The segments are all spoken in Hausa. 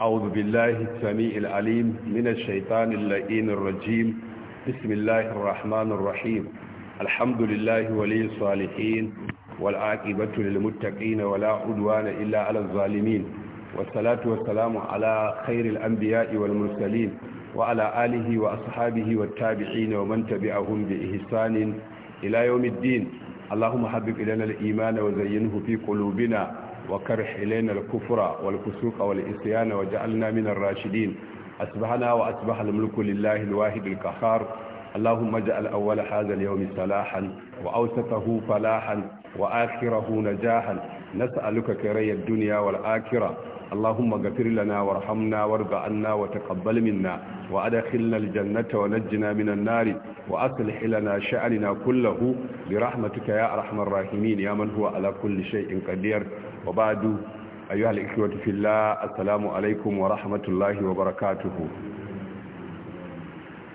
أعوذ بالله السميع العليم من الشيطان اللئين الرجيم بسم الله الرحمن الرحيم الحمد لله ولي الصالحين والعاقبة للمتقين ولا عدوان إلا على الظالمين والصلاة والسلام على خير الأنبياء والمرسلين وعلى آله وأصحابه والتابعين ومن تبعهم بإحسان إلى يوم الدين اللهم حبب إلينا الإيمان وزينه في قلوبنا وكرح إلينا الكفر والفسوق والإسيان وجعلنا من الراشدين أصبحنا وأصبح الملك لله الواحد القهار اللهم اجعل أول هذا اليوم صلاحا وأوسطه فلاحا وآخره نجاحا نسألك كري الدنيا والآخرة اللهم اغفر لنا وارحمنا وارض عنا وتقبل منا وادخلنا الجنة ونجنا من النار وأصلح لنا شأننا كله برحمتك يا أرحم الراحمين يا من هو على كل شيء قدير وبعد أيها الإخوة في الله السلام عليكم ورحمة الله وبركاته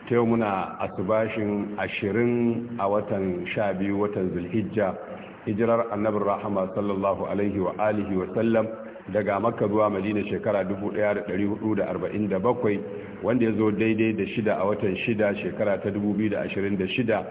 تيومنا أسباشن أشرين أوتن شابي وتن ذو الحجة hijirar annabin rahama sallallahu alaihi wa alihi wa sallam daga makka zuwa madina shekara 1447 wanda ya zo daidai da shida a watan shida shekara ta 2026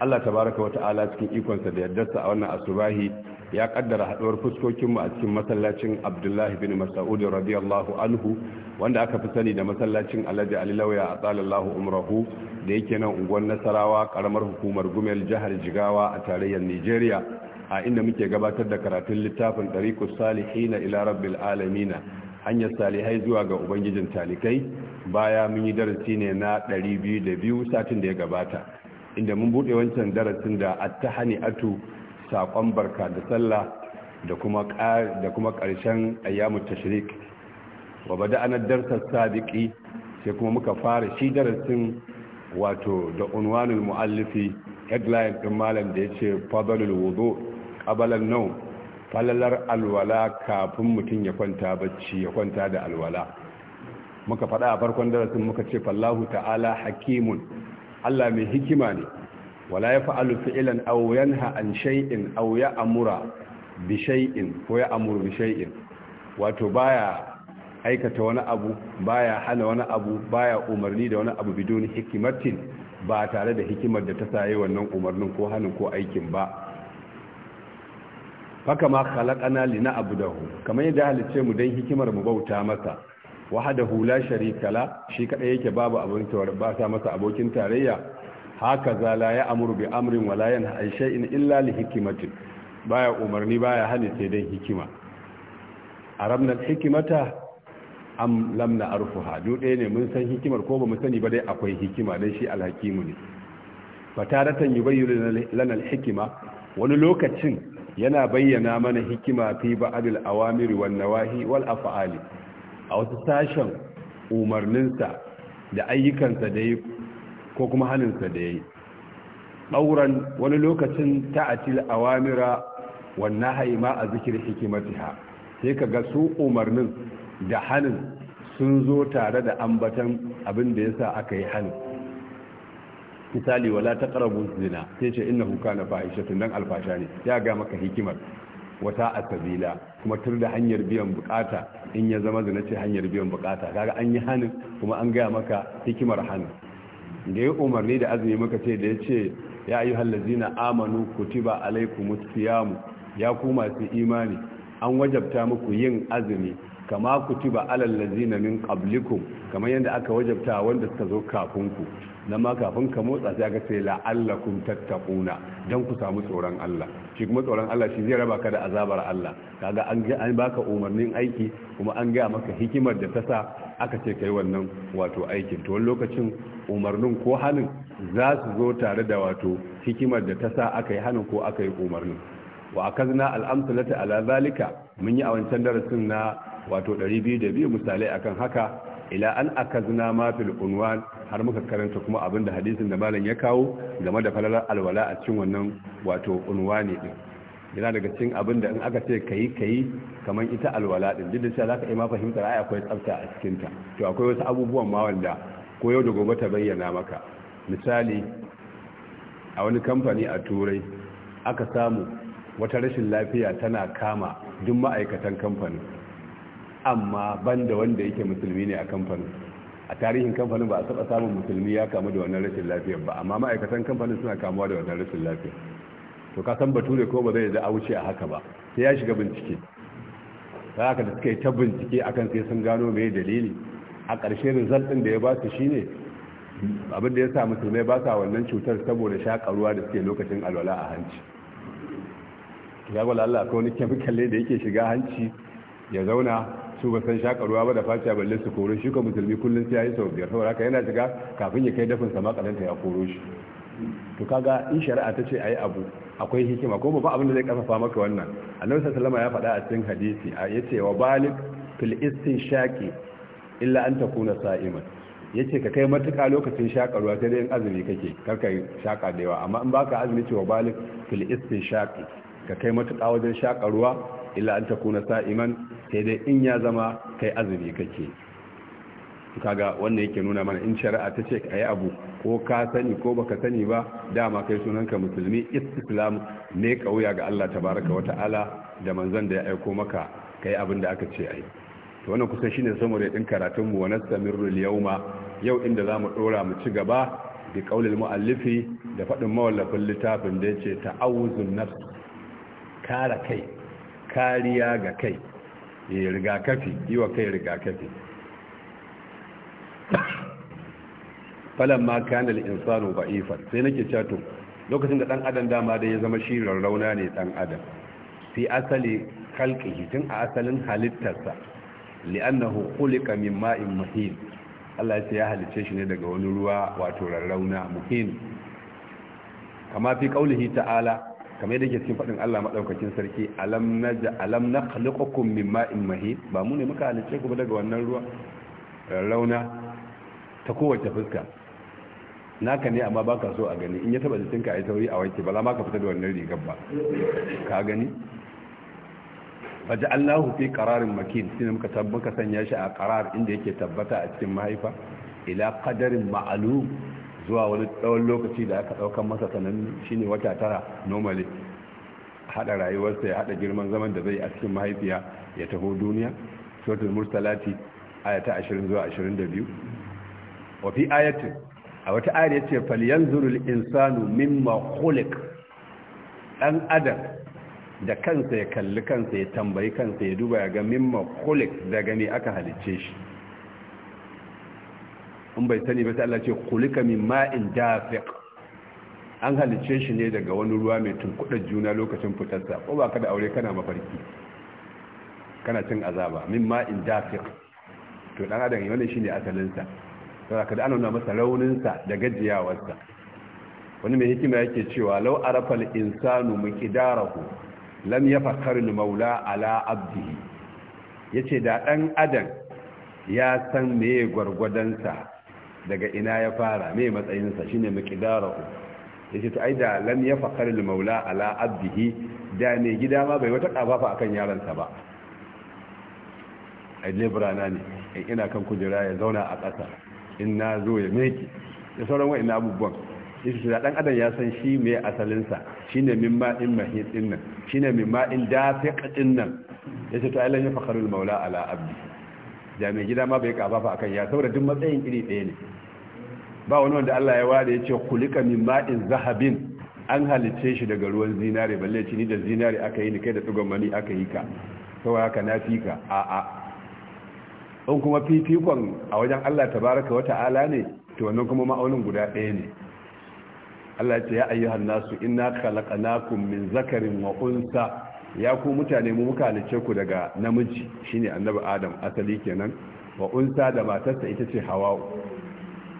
allah tabaraka wa ta'ala cikin ikonsa da yaddarsa a wannan asubahi ya kaddara haduwar fuskokinmu a cikin masallacin abdullahi bin mas'ud radiyallahu anhu wanda aka fi sani da masallacin alhaji ali lauya a tsalallahu umrahu da yake nan unguwar nasarawa karamar hukumar gumel jihar jigawa a tarayyar nigeria a inda muke gabatar da karatun littafin ɗariku salihina ila rabbil alamina hanyar salihai zuwa ga ubangijin talikai baya mun yi darasi ne na 202 satin da ya gabata inda mun buɗe wancan darasin da attahani atu saƙon barka da sallah da kuma ƙarshen ayyamu tashrik wa bada anar darsar sadiki sai kuma muka fara shi darasin wato da unwanul mu'allifi headline ɗin malam da ya ce fadalul wudu abalan nau falalar alwala kafin mutum ya kwanta bacci ya kwanta da alwala muka faɗa a farkon darasin muka ce fallahu ta'ala hakimun Allah mai hikima ne wala ya fa'alu fi'ilan aw yanha an shay'in aw ya'mura bi shay'in ko ya'muru bi shay'in wato baya aikata wani abu baya hana wani abu baya umarni da wani abu bidon hikimatin ba tare da hikimar da ta saye wannan umarnin ko hanin ko aikin ba haka ma khalaqana li na'budahu kamar yadda halice mu dan hikimar mu bauta masa wahdahu la sharika la shi kada yake babu abin tawar ba ta masa abokin tarayya haka za la ya amuru bi amrin wala yanha ay shay'in illa li hikmatin baya umarni baya hali sai dan hikima arabna hikmata am lam na arfuha duk ɗaya ne mun san hikimar ko ba mu sani ba dai akwai hikima dan shi hakimu ne fataratan yubayyin lana hikima? wani lokacin yana bayyana mana hikima fi ba'adil awamiri wan nawahi wal af'ali a wasu sashen umarninsa da ayyukansa da yi ko kuma haninsa da yi dauran wani lokacin ta'atil awamira wan nahayi ma a zikir hikimatiha sai ka ga su umarnin da halin sun zo tare da ambatan abin da yasa aka yi halin. misali wala ta taqrabu zina sai ce kuka na fahishatun dan alfasha ne ya ga maka hikimar wata a sabila kuma tur da hanyar biyan bukata in ya zama zina ce hanyar biyan bukata kaga an yi hannun kuma an gaya maka hikimar hannun da ya umarni da azumi maka ce da ya ce ya ayi hallazina amanu kutiba alaikumus siyamu ya ku masu imani an wajabta muku yin azumi kama kutiba alal ladina min qablikum kamar yadda aka wajabta wanda suka zo kafin ku nan ma kafin ka motsa sai ga sai la'allakum tattaquna dan ku samu tsoron Allah shi kuma tsoron Allah shi zai raba ka da azabar Allah kaga an ga an baka umarnin aiki kuma an ga maka hikimar da ta sa aka ce kai wannan wato aikin to lokacin umarnin ko halin za su zo tare da wato hikimar da ta sa aka yi hanin ko aka yi umarnin wa akazna al'amsalata ala zalika mun yi a wancan darasin na wato 202 misalai akan haka ila an akazna ma fil unwan har muka karanta kuma abinda hadisin da malam ya kawo game da falalar alwala a cikin wannan wato unwani din yana daga cikin abinda in aka ce kayi kayi kamar ita alwala din duk da cewa zaka ima fahimtar ai akwai tsafta a cikin ta to akwai wasu abubuwan ma wanda ko yau da gobe ta bayyana maka misali a wani kamfani a turai aka samu wata rashin lafiya tana kama duk ma'aikatan kamfanin amma ban da wanda yake musulmi ne a kamfanin a tarihin kamfanin ba a saba samun musulmi ya kamu da wannan rashin lafiyar ba amma ma'aikatan kamfanin suna kamuwa da wannan rashin lafiyar to ka san bature ko ba zai da a wuce a haka ba sai ya shiga bincike ta haka da suka yi ta bincike akan sai sun gano mai dalili a ƙarshe result ɗin da ya ba su shine abin da ya sa musulmai ba sa wannan cutar saboda shaƙa da suke lokacin alwala a hanci ya gwala Allah ko wani kemikalle da yake shiga hanci ya zauna su ba san shaka ba da faciya balle su koro shi ko musulmi kullum sai yayi sau biyar saboda yana shiga kafin ya kai dafin sama kalanta ya koro shi to kaga in shari'a ta ce ayi abu akwai hikima ko ba abin da zai kafafa maka wannan annabi sallallahu alaihi ya faɗa a cikin hadisi a yace wa balik fil istinshaqi illa an takuna sa'iman yace ka kai matuƙa lokacin shaka sai dai in azumi kake karka shaka da yawa amma in baka azumi ce wa balik fil istinshaqi ka kai matuƙa wajen shaƙa ruwa illa an kuna sa'iman sai dai in ya zama kai azumi kake kaga wannan yake nuna mana in shari'a ta ce ka yi abu ko ka sani ko baka sani ba dama kai sunanka musulmi islam ne kauya ga Allah ta tabaraka wa ta'ala da manzon da ya aiko maka kai abin da aka ce ai to wannan kusa shine samure din karatun mu wa nastamirru yawma yau inda zamu ɗora mu ci gaba bi qaulil muallifi da fadin mawallafin littafin da yace ta'awuzun nafs Tara kai kariya ga kai ya eh, rigakafi yi wa kai rigakafi falon ma kanar insano ba ifar sai nake cato lokacin da dan adam dama da ya zama shi rarrauna ne dan adam fi asali kalkihi tun a asalin halittarsa li'annahu khuliqa min ma'in muhin Allah ya halice shi ne daga wani ruwa wato rarrauna muhin kama fi qaulihi ta'ala kamar yadda ke cikin faɗin Allah maɗaukakin sarki alam na alam na min ma'in mahin ba mu ne muka halice ku daga wannan ruwa eh, rauna ta kowace fuska naka ne amma baka so a gani in ya taba jikinka ai tauri a wanke ba la ma ka fita da wannan rigar ba ka gani faja'allahu fi qararin makin sai muka tabbaka sanya shi a qarar inda yake tabbata a cikin mahaifa ila qadarin ma'lum zuwa wani tsawon lokaci da aka ɗaukan masa sanan shine wata tara normally haɗa rayuwarsa ya haɗa girman zaman da zai a cikin mahaifiya ya taho duniya suratul Murtalati, aya ta 20 zuwa 22 wa fi ayatin a wata ayar yace falyanzurul insanu mimma khuliq dan adam da kansa ya kalli kansa ya tambayi kansa ya duba ya ga mimma khuliq daga ne aka halicce shi in bai sani ba sai Allah ce kulika min ma'in dafiq an halice shi ne daga wani ruwa mai tunkuɗar juna lokacin fitarsa ko ba ka da aure kana mafarki kana cin azaba min ma'in dafiq to dan adam yana shine asalinsa saboda kada an nuna masa rauninsa da gajiyawarsa wani mai hikima yake cewa law arafal insanu miqdarahu lam yafakkar maula ala abdihi yace da dan adam ya san meye gwargwadonsa daga ina ya fara me matsayinsa shine ku yace to ai da lam ya al maula ala abdihi da ne gida ma bai wata kafafa akan yaransa ba ai lebrana ne in ina kan kujera ya zauna a ƙasa in na zo ya meki da sauran wa'in abubuwan yace da dan adam ya san shi me asalinsa shine min ma'in mahid din nan shine min ma'in dafiq din ya yace to ai lam ya al maula ala abdihi da mai gida ma bai kaba fa akan ya saboda duk matsayin iri ɗaya ne ba wani wanda Allah ya ware ya ce kulika min ma'in zahabin an halice shi daga ruwan zinare balle ci ni da zinare aka yi ni kai da tsugon mani aka yi ka saboda haka na fi ka a a in kuma fifikon a wajen Allah tabaraka wa ta'ala ne to wannan kuma ma'aunin guda ɗaya ne Allah ya ce ya ayyuhan nasu inna khalaqnakum min zakarin wa unsa ya ku mutane mu muka halice ku daga namiji shine annabi adam asali kenan wa unsa da matarsa ita ce hawa'u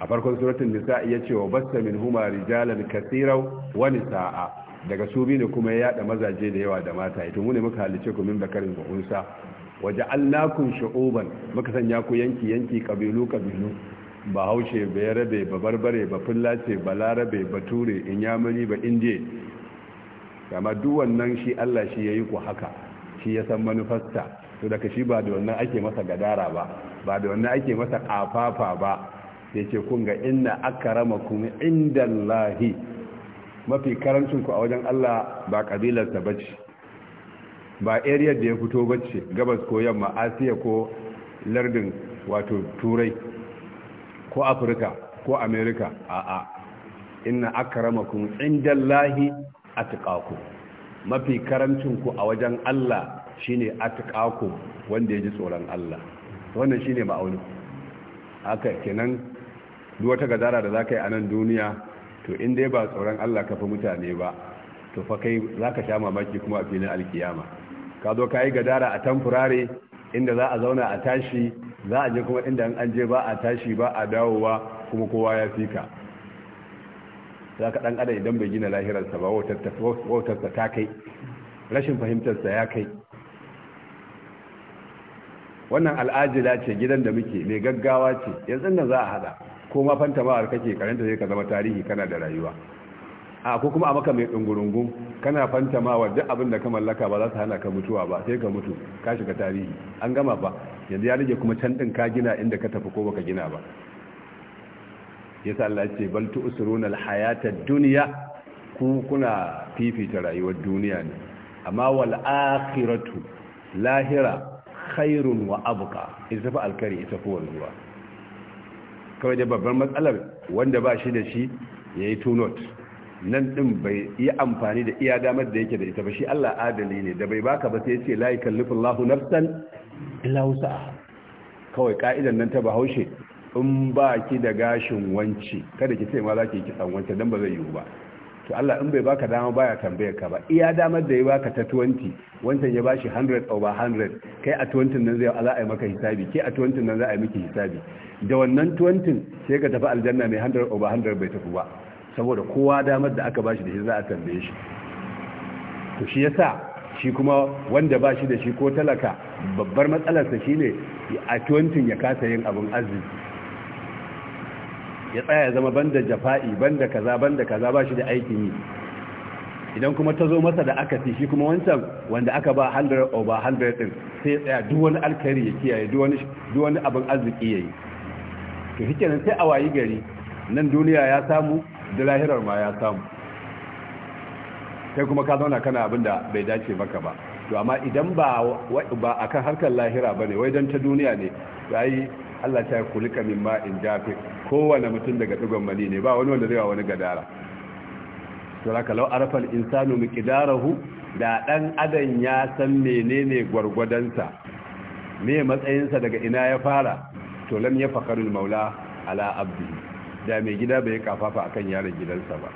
a farkon suratul nisa ya ce wa basta min huma rijalan kathira wa nisaa daga su ne kuma ya yada mazaje da yawa da mata ita mu ne muka halice ku min bakarin wa unsa wa ja'alnakum shu'uban muka sanya ku yanki yanki kabilu kabilu ba haushe ba yarabe ba barbare ba fullace ba larabe ba ture inyamuri ba indiye kama duk wannan shi Allah shi yayi ku haka shi ya san manufarsa to daga shi ba da wannan ake masa gadara ba ba da wannan ake masa kafafa ba yace kun ga inna akramakum indallahi mafi karancin ku a wajen Allah ba kabilarsa bace ba area da ya fito bace gabas ko yamma Asiya ko lardin wato turai ko afirka ko amerika a'a inna akramakum indallahi atqaku mafi karancin ku a wajen Allah shine atqaku wanda ya ji tsoron Allah wannan shine ma'auni haka kenan duk wata gadara da ka yi a nan duniya to in dai ba tsoron Allah ka fi mutane ba to fa kai zaka sha mamaki kuma a filin alkiyama ka zo ka yi gadara a tamfurare inda za a zauna a tashi za a je kuma inda an je ba a tashi ba a dawowa kuma kowa ya fika za ka dan adam idan bai gina lahirarsa ba wautarsa ta kai rashin fahimtarsa ya kai wannan al'ajila ce gidan da muke mai gaggawa ce yanzu nan za a hada ko ma fanta kake karanta zai ka zama tarihi kana da rayuwa a ko kuma a maka mai dungurungun kana fanta duk abin da ka mallaka ba za su hana ka mutuwa ba sai ka mutu ka shiga tarihi an gama ba yanzu ya rage kuma can din ka gina inda ka tafi ko baka gina ba yasa Allah ya ce bal tu'siruna al-hayata ad-dunya ku kuna fifita rayuwar duniya ne amma wal akhiratu lahira khairun wa abqa idza fa al-kari ita ko wanzuwa. kawai da babban matsalar wanda ba shi da shi yayi two note nan din bai yi amfani da iya damar da yake da ita ba shi Allah adali ne da bai baka ba sai ya ce la yakallifullahu nafsan illa wusaha kawai ka'idan nan ta bahaushe in ba ki da gashin wanci kada ki ce ma za ki kisan wanci dan ba zai yiwu ba to Allah in bai baka dama baya tambayar ka ba iya damar da ya baka ta 20 wancan ya bashi 100 over 100 kai a 20 nan zai Allah ai maka hisabi ke a 20 nan za a yi miki hisabi da wannan 20 sai ka tafi aljanna mai 100 over 100 bai tafi ba saboda kowa damar da aka bashi da shi za a tambaye shi to shi yasa shi kuma wanda bashi da shi ko talaka babbar matsalarsa shine a 20 ya kasa yin abin arziki ya tsaya ya zama banda jafa'i banda kaza banda kaza ba shi da aikin yi idan kuma ta zo masa da aka fi shi kuma wancan wanda aka ba 100 over 100 din sai ya tsaya duk wani alkhairi ya kiyaye duk wani abin arziki ya yi to kenan sai a wayi gari nan duniya ya samu da lahirar ma ya samu sai kuma ka zauna kana abin da bai dace maka ba to amma idan ba akan harkar lahira ba bane wai dan ta duniya ne yayi Allah ta kulika min ma in jafi kowane mutum daga dugon mani ne ba wani wanda zai wa wani gadara to haka law arafal insanu miqdarahu da dan adam ya san menene gwargwadansa me matsayinsa daga ina ya fara to lam yafkharul maula ala abdi da mai gida bai kafafa akan yaron gidansa ba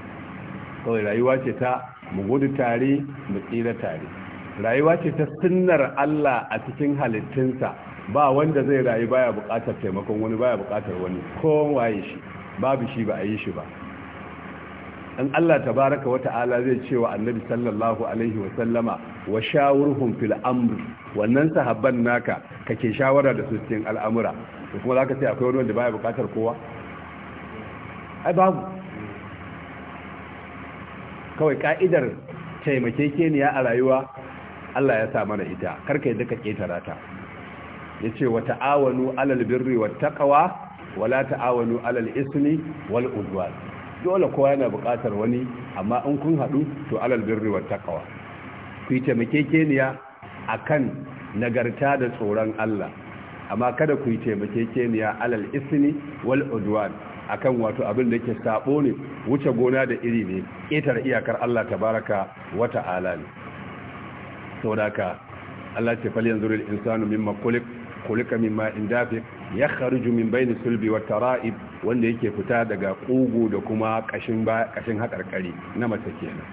kawai rayuwa ce ta mu gudu tare mu tsira tare rayuwa ce ta sunnar Allah a cikin halittunsa ba wanda zai rayu baya buƙatar taimakon wani baya buƙatar wani ko waye shi babu shi ba a yi shi ba an Allah tabaraka wa ta'ala zai ce wa annabi sallallahu alaihi wa sallama wa shawurhum fil amr wannan sahabban naka kake shawara da su cikin al'amura to kuma zaka ce akwai wani wanda baya bukatar kowa ai babu kawai ka'idar taimakekeniya a rayuwa Allah ya sa mana ita karka yadda ka ketara ta yace wa ta'awanu alal birri wa taqwa wala ta'awanu alal ismi wal udwan dole kowa yana buƙatar wani amma in kun haɗu to alal birri wa taqwa ku taimakekeniya akan nagarta da tsoron Allah amma kada ku yi taimakekeniya alal ismi wal udwan akan wato abin da yake sabo ne wuce gona da iri ne ƙetar iyakar Allah tabaraka wa ta'ala ne saboda ka Allah ce fal yanzuru al insanu mimma khuliqa kulika min ma'in dafiq ya kharuju min bayni sulbi wa tara'ib wanda yake fita daga kugu da kuma kashin ba kashin na mace kenan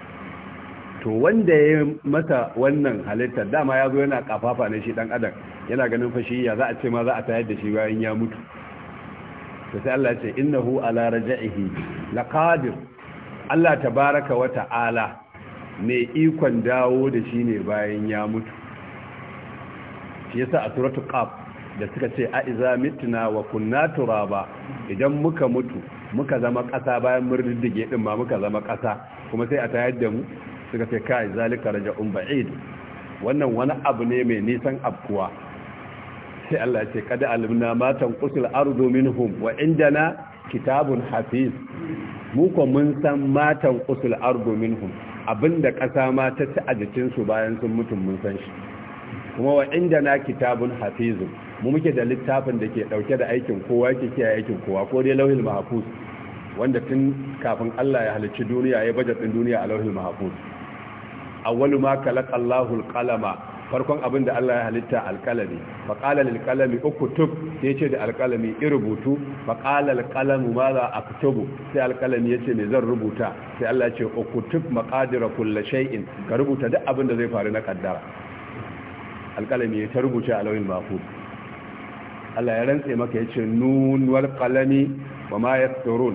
to wanda ya mata wannan halitta dama ya zo yana kafafa ne shi dan adam yana ganin fashi ya za a ce ma za a tayar da shi bayan ya mutu to sai Allah ya ce innahu ala raja'ihi laqadir Allah tabaaraka wa ta'ala mai ikon dawo da shi ne bayan ya mutu shi yasa a suratul qaf da suka ce a iza mituna wa kunna turaba idan muka mutu muka zama ƙasa bayan mun riddige din ma muka zama ƙasa kuma sai a tayar da mu suka ce kai zalika raja'un ba'id wannan wani abu ne mai nisan afkuwa sai Allah ce kada alimna matan qusil ardu minhum wa indana kitabun hafiz mu ko mun san matan qusil ardu minhum abinda kasa ma ta ci a jikin su bayan sun mutum mun san shi kuma wa indana kitabun hafizun mu muke da littafin da ke dauke da aikin kowa ke kiyaye aikin kowa ko dai lauhil mahfuz wanda tun kafin Allah ya halicci duniya ya baje din duniya a lauhil mahfuz awwalu ma khalaqa Allahu qalama farkon abin da Allah ya halitta alkalami fa qala lil qalami uktub sai yace da alkalami irubutu fa qala al qalamu ma za aktubu sai alkalami yace me zan rubuta sai Allah ya ce uktub maqadira kulli shay'in ka rubuta duk abin da zai faru na kaddara alkalami ya ta rubuta a lauhin mahfuz Allah ya rantse maka ya ce nun wal qalami wa ma yasturun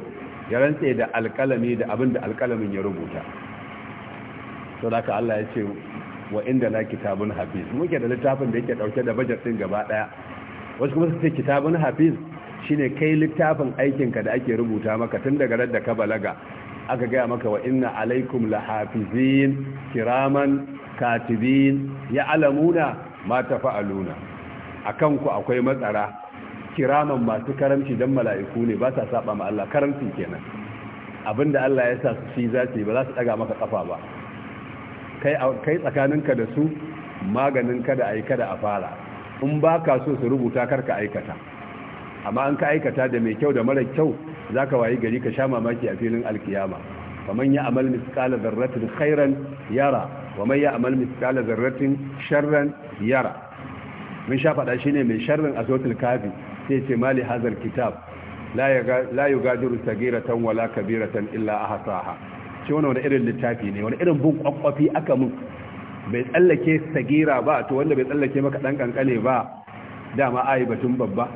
ya rantse da alkalami da abin da alkalamin ya rubuta to da ka Allah ya ce wa inda na kitabun hafiz muke da littafin da yake dauke da bajet din gaba daya wasu kuma su ce kitabun hafiz shine kai littafin aikin ka da ake rubuta maka tun daga da ka balaga aka gaya maka wa inna alaikum hafizin kiraman katibin ya alamuna ma tafa'aluna a kanku akwai matsara kiraman masu karamci don mala'iku ne ba sa saba ma Allah karamci kenan abinda Allah ya sa su shi za su ba za su daga maka kafa ba kai tsakaninka da su maganin kada a yi kada a fara in ba ka so su rubuta karka aikata amma an ka aikata da mai kyau da mara kyau za ka wayi gari ka sha mamaki a filin alkiyama kamar ya amal miskala zarratin khairan yara wa man ya amal miskala zarratin sharran yara mun sha faɗa shine mai sharrin azotul kafi sai ce mali hazar kitab la yugadiru sagiratan wala kabiratan illa ahsaha ce wannan wani irin littafi ne wani irin bun kwakwafi aka mun bai tsallake sagira ba to wanda bai tsallake maka dan kankane ba dama ayi batun babba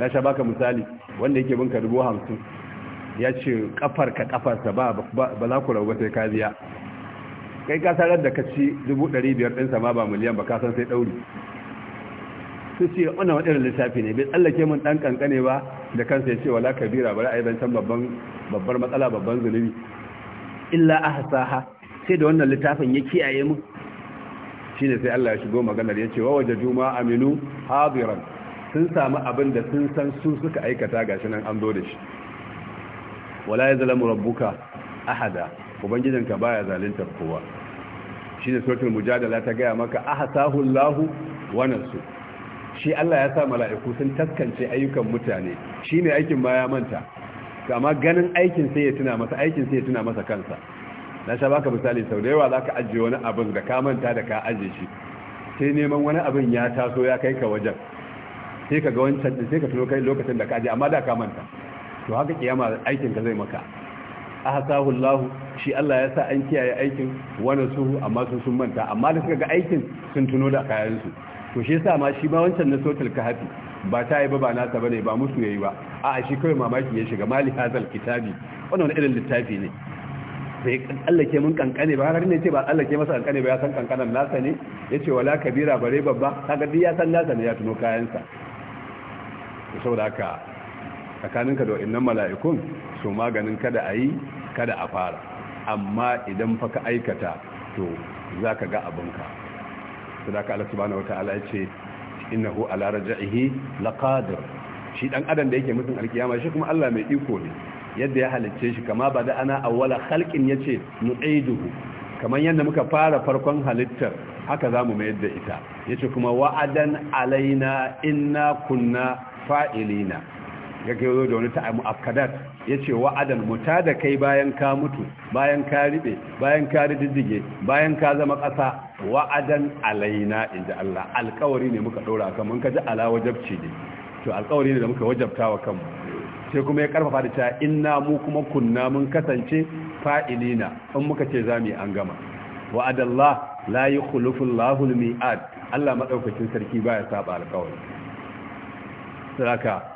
na sha baka misali wanda yake bin ka dubu hamsin ya ce kafar ka kafarsa ba ba za ku rabu sai ka biya kai ka sarar da ka ci dubu ɗari biyar ɗinsa ma ba miliyan ba ka sai ɗauri su ce wannan waɗannan lissafi ne bai tsallake mun ɗan kankane ba da kansa ya ce wala kabira bari a yi zancen babbar matsala babban zunubi illa a hasaha sai da wannan littafin ya kiyaye mu shi ne sai Allah ya shigo maganar ya ce wa waje juma aminu haziran sun samu abin da sun san su suka aikata ga shi nan an zo da shi wala ya zalamu rabbuka ahada ubangijinka baya zalunta kowa ne suratul mujadala ta gaya maka ahasahu Allahu wa nasu shi Allah ya sa mala'iku sun taskance ayyukan mutane Shi ne aikin baya manta amma ganin aikin sai ya tuna masa aikin sai ya tuna masa kansa na sha baka misali sau da yawa ka ajiye wani abin da ka manta da ka ajiye shi sai neman wani abin ya taso ya kai ka wajen sai ka ga wancan sai ka tuno kai lokacin da ka ajiye amma da ka manta to haka kiyama aikin ka zai maka ahsahu Allah shi Allah ya sa an kiyaye aikin wani su amma sun sun manta amma da suka ga aikin sun tuno da kayan su to shi yasa ma shi ma wancan na sotul kahafi ba ta yi ba ba nasa bane ba musu yayi ba a'a shi kawai mamaki ya shiga mali hazal kitabi wannan wani irin littafi ne bai tsallake mun kankane ba har ne ce ba tsallake masa kankane ba ya san kankanan nasa ne yace wala kabira bare babba kaga duk ya san nasa ne ya tuno kayansa saboda haka tsakaninka da wa'annan mala'ikun su maganin kada a yi kada a fara amma idan fa ka aikata to za ka ga abinka sadaka Allah subhanahu wataala yace innahu ala raj'ihi laqadir shi dan adam da yake mutun alkiyama shi kuma Allah mai iko ne yadda ya halicce shi kama ba da ana awwala khalqin yace nu'iduhu kamar yadda muka fara farkon halittar haka zamu mai yadda ita yace kuma wa'adan alaina inna kunna fa'ilina ya ke zo da wani ta'amu afkadat ya ce wa'adan muta da kai bayan ka mutu bayan ka riɓe bayan ka rididdige bayan ka zama ƙasa wa'adan alaina inda Allah alƙawari ne muka ɗora kan mun ka ji ala wajabci ne to alƙawari ne da muka wajabta wa kanmu sai kuma ya karfafa da cewa inna mu kuma kunna mun kasance fa'ilina in muka ce za mu yi an gama wa'adallah la yukhlifu Allahu miad Allah madaukakin sarki baya saba alkawari saboda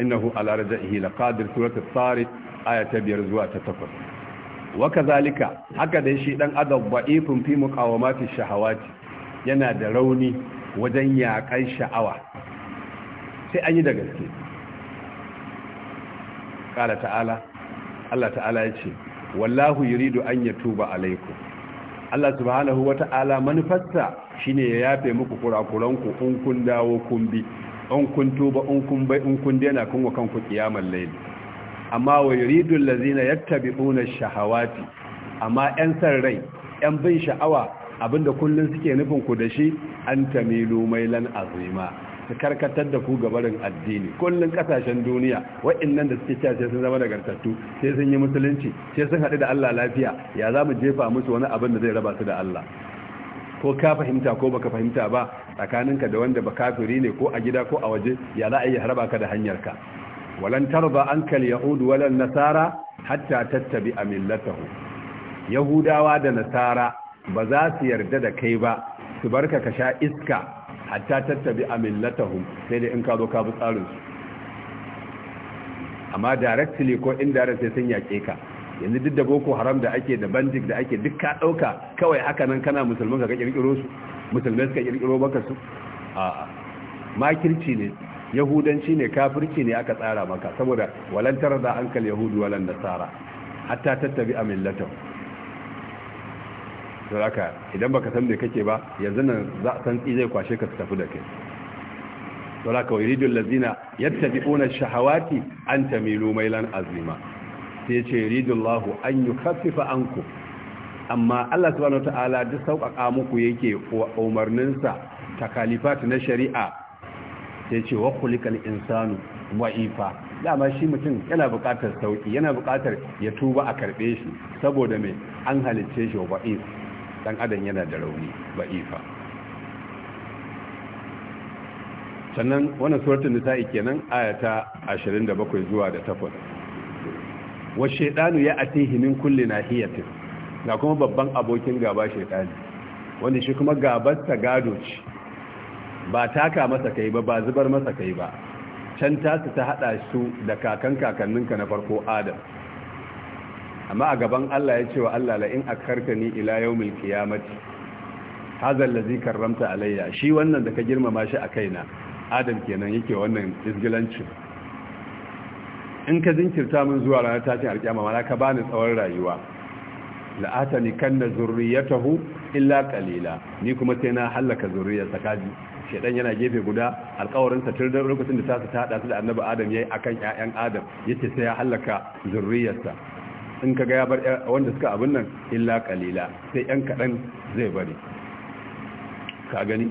innahu ala raja'ihi laqadir suratul tariq aya ta biyar zuwa ta takwas wa kazalika haka dai shi dan adam da'ifun fi muqawamati shahawati yana da rauni wajen yakan sha'awa sai an yi da gaske qala ta'ala Allah ta'ala ya ce wallahu yuridu an yatuba alaikum Allah subhanahu wata'ala manufarsa shine ya yafe muku kurakuranku in kun dawo kun bi in kun tuba in kun bai in kun daina kun wa kanku qiyamul layl amma wa yuridul ladzina yattabi'una ash-shahawati amma yan san rai yan bin sha'awa abinda kullun suke nufin ku da shi an tamilu mailan azima su karkatar da ku gabarin addini kullun kasashen duniya wa'annan da suke cewa sai sun zama nagartattu sai sun yi musulunci sai sun haɗu da Allah lafiya ya za mu jefa musu wani abin da zai raba su da Allah ko ka fahimta ko baka fahimta ba tsakaninka da wanda ba kafiri ne ko a gida ko a waje ya za a yi harba ka da hanyarka walan tarba an kal yahud walan nasara hatta tattabi amillatahu yahudawa da nasara ba za su yarda da kai ba su barka ka sha iska hatta tattabi amillatahum sai da in ka zo ka bi tsarin su amma directly ko indirectly sun yake ka yanzu duk da boko haram da ake da bandik da ake duk ka dauka kawai haka nan kana musulman ka kirkiro su musulmai suka kirkiro baka su a makirci ne yahudanci ne kafirci ne aka tsara maka saboda walantar da hankal yahudu walan nasara hatta tattabi a to haka idan baka san me kake ba yanzu nan za a san zai kwashe ka tafi da kai to haka wa yuridul lazina yattabi'una shahawati an tamilu mailan azima sai ce ridullahu an an anku amma Allah subhanahu ta'ala duk sauƙaƙa muku yake umarninsa ta takalifat na shari'a sai ce wa khuliqal insanu ifa dama shi mutum yana buƙatar sauƙi yana buƙatar ya tuba a karɓe shi saboda mai an halicce shi wa'if dan adam yana da rauni ifa sannan wannan suratul nisa'i kenan ayata 27 zuwa da 8 wa shaidanu ya atihi min kulli nahiyatin ga kuma babban abokin gaba shaidani wanda shi kuma gabar ta gado ce ba taka masa kai ba ba zubar masa kai ba can tasu ta hada su da kakan kakanninka na farko adam amma a gaban Allah ya ce wa Allah la in akarkani ila yawmil qiyamati hadha allazi karramta alayya shi wannan da ka girmama shi a kaina adam kenan yake wannan izgilancin in ka zinkirta min zuwa ranar tashin alkiyama mana ka bani tsawon rayuwa la'ata ni kanna zurriyatahu illa qalila ni kuma sai na halaka zurriyar sakaji shedan yana gefe guda alƙawarin sa tun lokacin da ta ta hada su da annabi adam yayi akan ƴaƴan adam yace sai ya halaka zurriyarsa in kaga ya bar wanda suka abin nan illa qalila sai ƴan kadan zai bari ka gani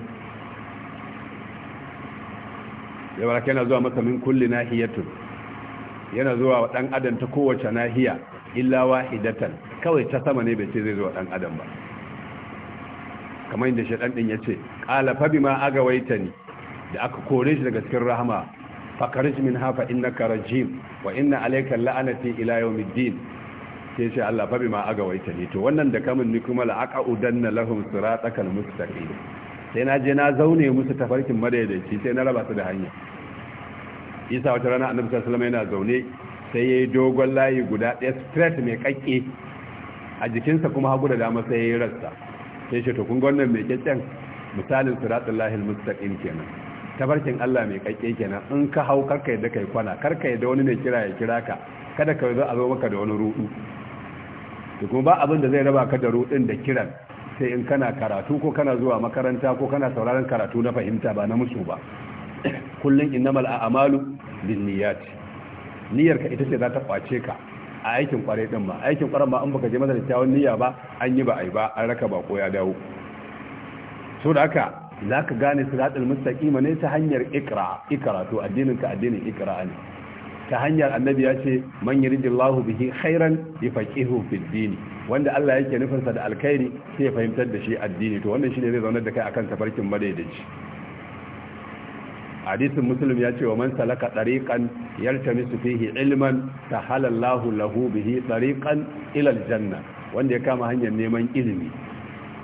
yawa kana zuwa masa min kulli nahiyatun yana zuwa wa ɗan adam ta kowace nahiya illa wahidatan kawai ta sama ne bai ce zai zuwa dan adam ba kamar yadda shaɗan ɗin ya ce ƙala fabi ma aga waita ni da aka kore shi daga cikin rahama fakarij min hafa inna karajim wa inna alaikar la'anati ila yau middin sai ce allah fabi ma aga waita ni to wannan da kamun ni kuma la'aka udan na lahun sura musu sai na je na zaune musu tafarkin madaidaici sai na raba su da hanya isa wata rana annabi sallallahu alaihi yana zaune sai yayi dogon layi guda ɗaya straight mai kakke a jikinsa kuma hagu da dama sai yayi rassa sai shi to kun ga wannan mai kyakkyan misalin siratullahil mustaqim kenan tabarkin Allah mai kakke kenan in ka hau karka yadda kai kwana karka yadda wani mai kira ya kira ka kada ka zo a zo maka da wani rudu to kuma ba abin da zai raba ka da rudin da kiran sai in kana karatu ko kana zuwa makaranta ko kana sauraron karatu na fahimta ba na musu ba kullum innamal a'malu binniyat niyyar ka ita ce za ta kwace ka a aikin kware din ma aikin kware ma an baka je masa da niyya ba an yi ba ai ba an raka ba ko ya dawo so da haka zaka gane siratul mustaqima ne ta hanyar ikra ikra to addinin ka addinin ikra ne ta hanyar annabi ya ce man yuridillahu bihi khairan yafaqihu fid din wanda Allah yake nufinsa da alkhairi sai ya fahimtar da shi addini to wannan shine zai zauna da kai akan tafarkin madaidaici hadisin muslim ya ce wa man salaka tariqan yaltamisu fihi ilman sahala Allahu lahu bihi tariqan ila aljanna wanda ya kama hanyar neman ilimi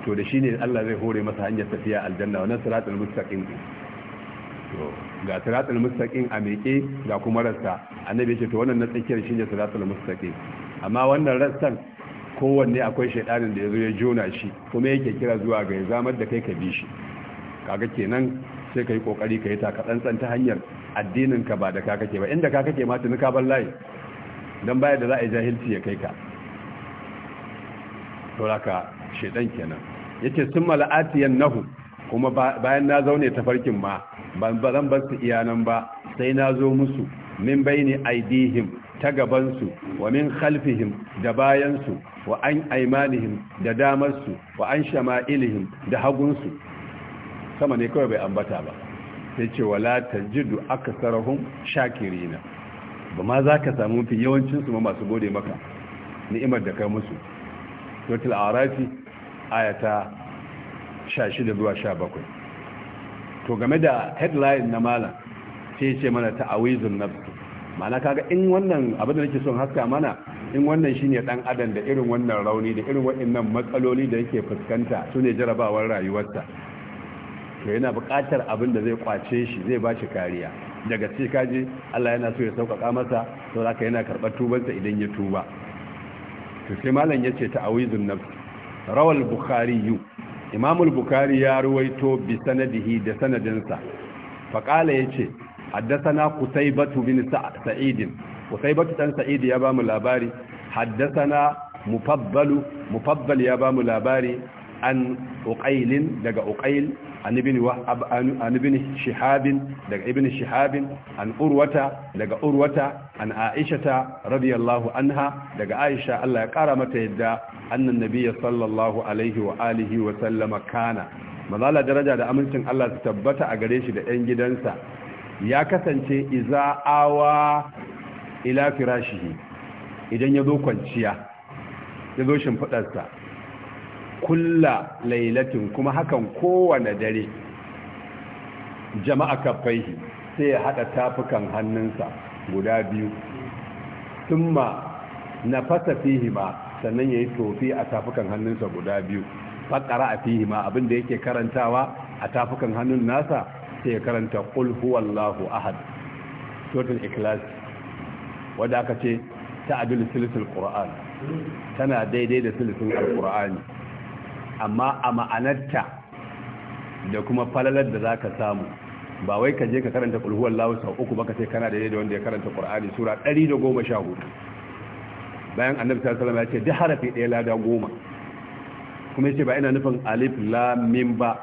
to da shine Allah zai hore masa hanyar tafiya aljanna wannan siratul mustaqim to ga siratul mustaqim a meke ga kuma rasta annabi ce to wannan na tsakiyar shine siratul mustaqim amma wannan rastan kowanne akwai shaidanin da ya zo ya jona shi kuma yake kira zuwa ga ya zamar da kai ka bi shi kaga kenan sai ka yi kokari ka yi taka tsantsan ta hanyar addinin ka ba da ka kake ba inda ka kake ma tuni ka bar layi dan baya da za a yi jahilci ya kai ka to raka shedan kenan yace sun mala'atiyan nahu kuma bayan na zaune ta farkin ma ban zan bar su iyanan ba sai na zo musu min baini aidihim ta gabansu wa min khalfihim da bayansu wa an aimanihim da damarsu wa an shama'ilihim da hagunsu sama ne kawai bai ambata ba sai ce wala tajidu aksarahum shakirina ba ma za ka samu fi yawancin su masu gode maka ni'imar da kai musu suratul arafi ayata 16 zuwa 17 to game da headline na malam sai ce mana ta'awizun nafs ma'ana kaga in wannan abin da nake son haska mana in wannan shine dan adam da irin wannan rauni da irin waɗannan matsaloli da yake fuskanta sune jarabawar rayuwarsa to yana buƙatar abin da zai kwace shi zai ba shi kariya daga ce kaji Allah yana so ya sauƙaƙa masa to haka yana karɓar tubansa idan ya tuba to sai malam yace ta'awizun nafs rawal bukhari yu imam al-bukhari ya ruwaito bi sanadihi da sanadinsa fa qala yace haddathana batu bin sa'id batu dan sa'id ya ba mu labari haddasana mufaddalu mufaddal ya ba mu labari an uqail daga uqail an ibn shihabin daga ibn shihabin an urwata daga urwata an aishata radiyallahu anha daga aisha Allah ya kara mata yadda annan nabiyyi sallallahu alaihi wa alihi wa sallama kana mazala daraja da amincin Allah su tabbata a gare shi da 'yan gidansa ya kasance iza awa ila firashihi idan ya zo kwanciya ya zo shimfiɗarsa kulla lailatin kuma hakan kowane dare jama'a kafaihi sai ya hada tafukan hannunsa guda biyu na fasa fihi ma sannan yayi tofi a tafukan hannunsa guda biyu fakara a fihi ma abinda yake karantawa a tafukan hannun nasa sai ya karanta qul huwallahu ahad total ikhlas wanda aka ce ta'adul silsil qur'an tana daidai da silsul alqur'ani amma a ma'anarta da kuma falalar da za ka samu ba wai ka je ka karanta ƙulhuwar lawu sau uku ba ka sai kana daidai da wanda ya karanta ƙur'ani sura 114 bayan annabi ta salama ya ce duk harafi ɗaya lada goma kuma ya ce ba ina nufin alif lamin ba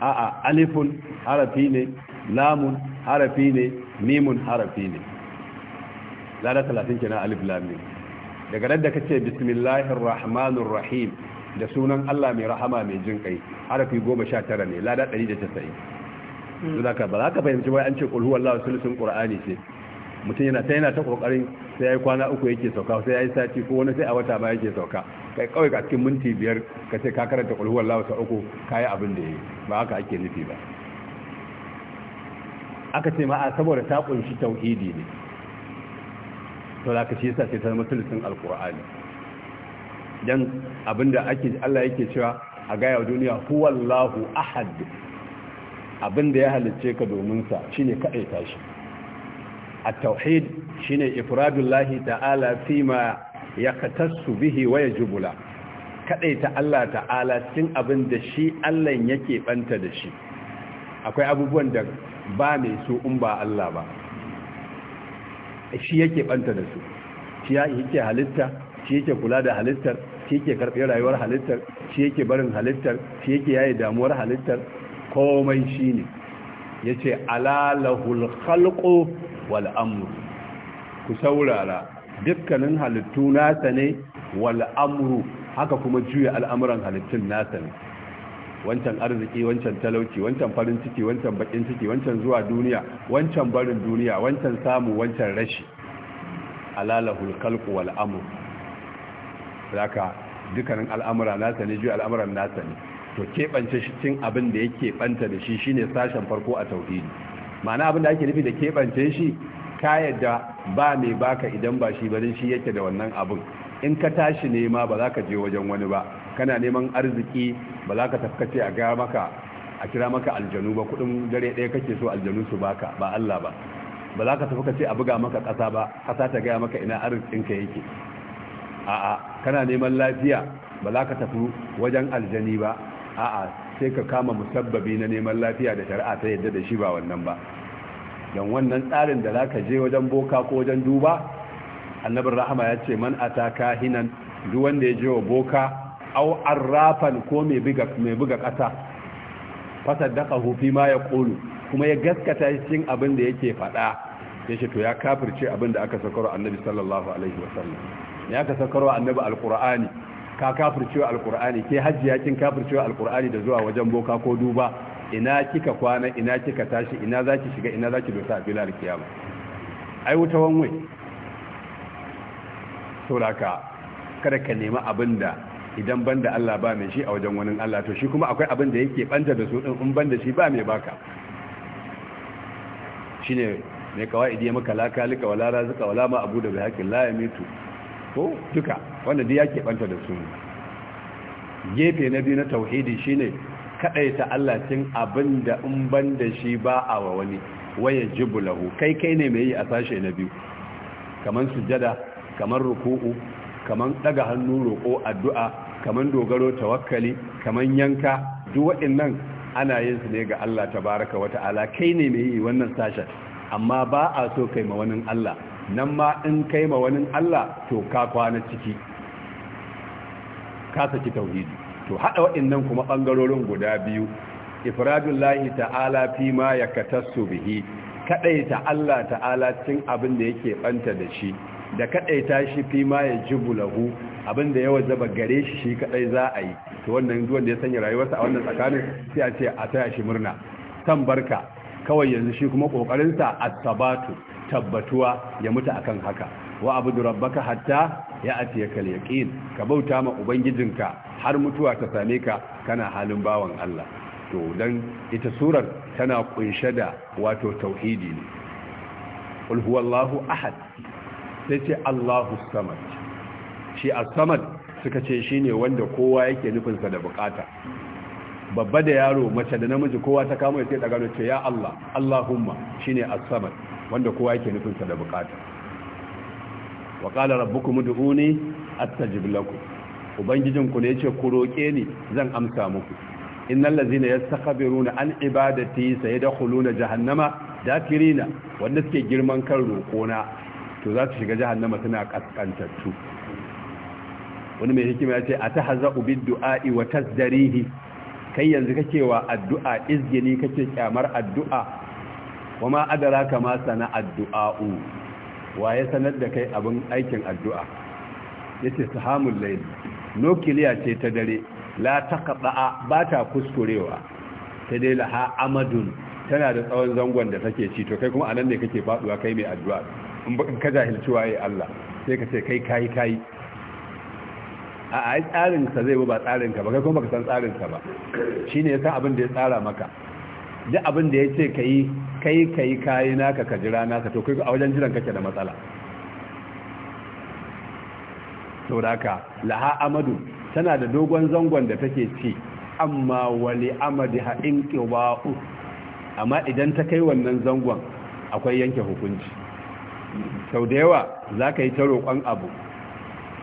ba a'a alifun harafi ne lamun harafi ne mimun harafi ne lada 30 kenan alif lamin daga nan da ce bismillahir rahmanir rahim da sunan Allah mai rahama mai jin kai harafi 19 ne lada 190 zaka hmm. ba zaka fahimci bai an ce kulhu wallahu sulusun qur'ani ce mutum yana ta yana ta kokarin sai yayi kwana uku yake sauka sai yayi sati ko wani sai a wata ma yake sauka kai kawai ka cikin minti biyar ka ce ka karanta kulhu wallahu sa uku kai abin da yayi ba haka ake nufi ba aka ce ma a saboda ta kunshi tauhidi ne to zaka shi yasa sai ta musulun alqur'ani dan abinda ake Allah yake cewa a gaya wa duniya huwallahu ahad abinda ya halicce ka domin sa shine ya tashi at-tauhid shine ifradullahi ta'ala fima yakatassu bihi wa yajibula Kaɗai ta Allah ta'ala cikin abinda shi Allah yake banta da shi akwai abubuwan da ba mai su in ba Allah ba shi yake banta da su shi yake halitta shi yake kula da halittar shi yake karɓe rayuwar halittar shi yake barin halittar shi yake yaye damuwar halittar komai shi ne ya ce alalahul khalqo wal amru ku saurara dukkanin halittu nasa ne wal amru haka kuma juya al'amuran halittun nasa ne wancan arziki wancan talauci wancan farin ciki wancan bakin ciki wancan zuwa duniya wancan barin duniya wancan samu wancan rashi alalahul khalqu wal amru zaka dukkanin al'amura nasa ne juya al'amuran nasa ne to keɓance cin abin da ya keɓanta da shi shine sashen farko a tauhidi ma'ana abin da ake nufi da keɓance shi ka yadda ba mai baka idan ba shi barin shi yake da wannan abin in ka tashi nema ba za ka je wajen wani ba kana neman arziki ba za ka tafkace a ga maka a kira maka aljanu ba kudin dare ɗaya kake so aljanu su baka ba Allah ba ba za ka tafi a buga maka ƙasa ba ƙasa ta gaya maka ina arzikinka yake a'a kana neman lafiya ba za ka tafi wajen aljani ba a'a sai ka kama musabbabi na neman lafiya da shari'a ta yadda da shi ba wannan ba don wannan tsarin da za ka je wajen boka ko wajen duba annabin rahama ya ce man ata kahinan duk wanda ya je wa boka au arrafan ko mai buga ƙasa fasar daga hufi ma ya ƙolu kuma ya gaskata cikin abin da yake faɗa ya to ya kafirce abin da aka sakar annabi sallallahu alaihi wasallam Ya aka saukarwa annabi alqur'ani ka kafircewa alqur'ani ke hajjiya kin kafircewa alqur'ani da zuwa wajen boka ko duba ina kika kwana ina kika tashi ina zaki shiga ina zaki dosa a bilal kiyama ai wuta wanwai sauraka kada ka nemi abin da idan banda Allah ba mai shi a wajen wani Allah to shi kuma akwai abin da yake banta da su din in banda shi ba mai baka shine mai kawai ya maka la kalika wala razika wala ma abu da bi haqqin la yamitu ko duka wanda da ya keɓanta da su gefe na biyu na tauhidi shine ta Allah cin abinda in ban da shi ba a wa wani waya jibulahu kai kai ne mai yi a sashe na biyu kamar sujada kamar ruku'u kamar daga hannu roko addu'a kamar dogaro tawakkali kamar yanka duk waɗannan ana yin su ne ga Allah tabaraka wata'ala kai ne mai yi wannan sashen amma ba a so kai ma wani Allah nan ma in kai ma wani Allah to ka kwana ciki ka saki tauhidi to hada waɗannan kuma bangarorin guda biyu ifradullahi ta'ala fi ma yakatassu bihi kadaita Allah ta'ala cikin abin da yake banta da shi da kadaita shi fi ma yajibu lahu abin da yawa zaba gare shi shi kadai za a yi to wannan duwan da ya sanya rayuwarsa a wannan tsakanin sai a ce a taya shi murna san barka kawai yanzu shi kuma sa at tabatu tabbatuwa ya mutu akan haka wa abu rabbaka hatta ya atiyaka al-yaqin ka bauta ma ubangijinka har mutuwa ta same ka kana halin bawan Allah to dan ita surar tana kunshe da wato tauhidi ne qul huwallahu ahad sai ce Allahu samad shi as-samad suka ce shine wanda kowa yake nufin sa da bukata babba da yaro mace da namiji kowa ta kama sai daga ce ya Allah Allahumma shine as-samad wanda kowa yake nufinsa da bukata wa qala rabbukum ud'uni astajib lakum ku ne yace ku roke ni zan amsa muku innal ladzina yastakbiruna an ibadati sayadkhuluna jahannama dakirina wanda suke girman kan roƙona to za su shiga jahannama suna kaskantattu wani mai hikima yace atahza'u bid-du'a'i wa tazdarihi kai yanzu kake wa addu'a izgini kake kyamar addu'a wa ma kama ma sana addu'a'u wa ya sanar da kai abin aikin addu'a yace sahamul layl Nukiliya ce ta dare la taqa'a ba ta kuskurewa ta dai laha amadun tana da tsawon zangon da take ci to kai kuma anan ne kake faduwa kai mai addu'a in ba ka jahilci waye Allah sai ka ce kai kai kai a ai tsarinsa zai ba tsarinka ba kai kuma baka san tsarinsa ba shine yasa abin da ya tsara maka duk abin da ya ce ka yi kai ka yi kayi naka ka jira naka to kai a wajen jiran kake da matsala ka, laha amadu tana da dogon zangon da take ci amma wali amadi ha in qiba'u amma idan ta kai wannan zangon akwai yanke hukunci sau da yawa za ka yi ta roƙon abu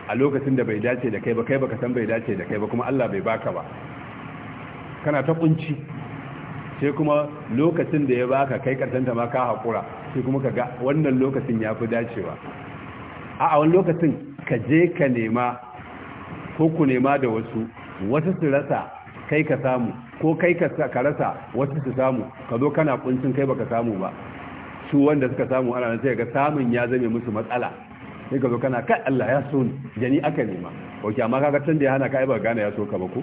a lokacin da bai dace da kai ba kai baka san bai dace da kai ba kuma Allah bai baka ba kana ta kunci sai kuma lokacin da ya baka kai karsanta ma ka haƙura sai kuma ka ga wannan lokacin ya fi dacewa a wani lokacin ka je ka nema ko ku nema da wasu wasu su rasa kai ka samu ko kai ka rasa wasu su samu ka zo kana kuncin kai baka samu ba su wanda suka samu ana sai ga samun ya zame musu matsala sai ka zo kana kai Allah ya so jani aka nema ok amma kaga tun da ya hana ka ai ba gane ya so ka ba ko